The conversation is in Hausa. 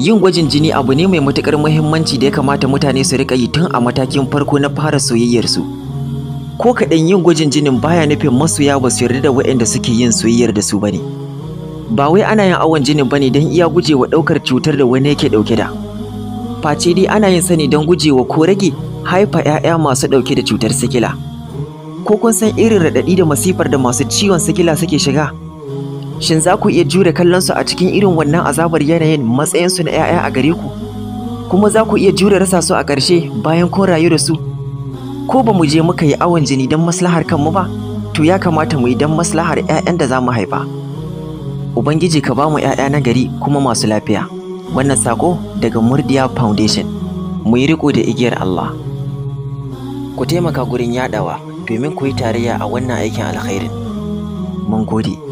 Yin gwajin jini abu ne mai matukar muhimmanci da ya kamata mutane su rika yi tun a matakin farko na fara soyayyarsu. Ko kaɗan yin gwajin jinin baya nufin masoya ba su yarda da waɗanda suke yin soyayyar da su bane Ba wai ana yin awon jinin ba ne don iya gujewa ɗaukar cutar da wani yake ɗauke da. Face dai ana yin sani don gujewa ko rage haifa 'ya'ya masu ɗauke da cutar sikila. Ko kun san irin raɗaɗi da masifar da masu ciwon sikila suke shiga? Shin za ku iya jure kallon su a cikin irin wannan azabar yanayin matsayin su na 'ya'ya a gare ku? Kuma za ku iya jure rasa su a ƙarshe bayan kun rayu da su? Ko ba mu je muka yi awon jini don maslahar kanmu ba? To ya kamata mu yi don maslahar 'ya'yan da za mu haifa. Ubangiji ka ba mu 'ya'ya na gari kuma masu lafiya. Wannan sako daga Murdiya Foundation. Mu yi riko da igiyar Allah. Ku taimaka gurin yaɗawa domin ku yi tarayya a wannan aikin alkhairin. Mun gode.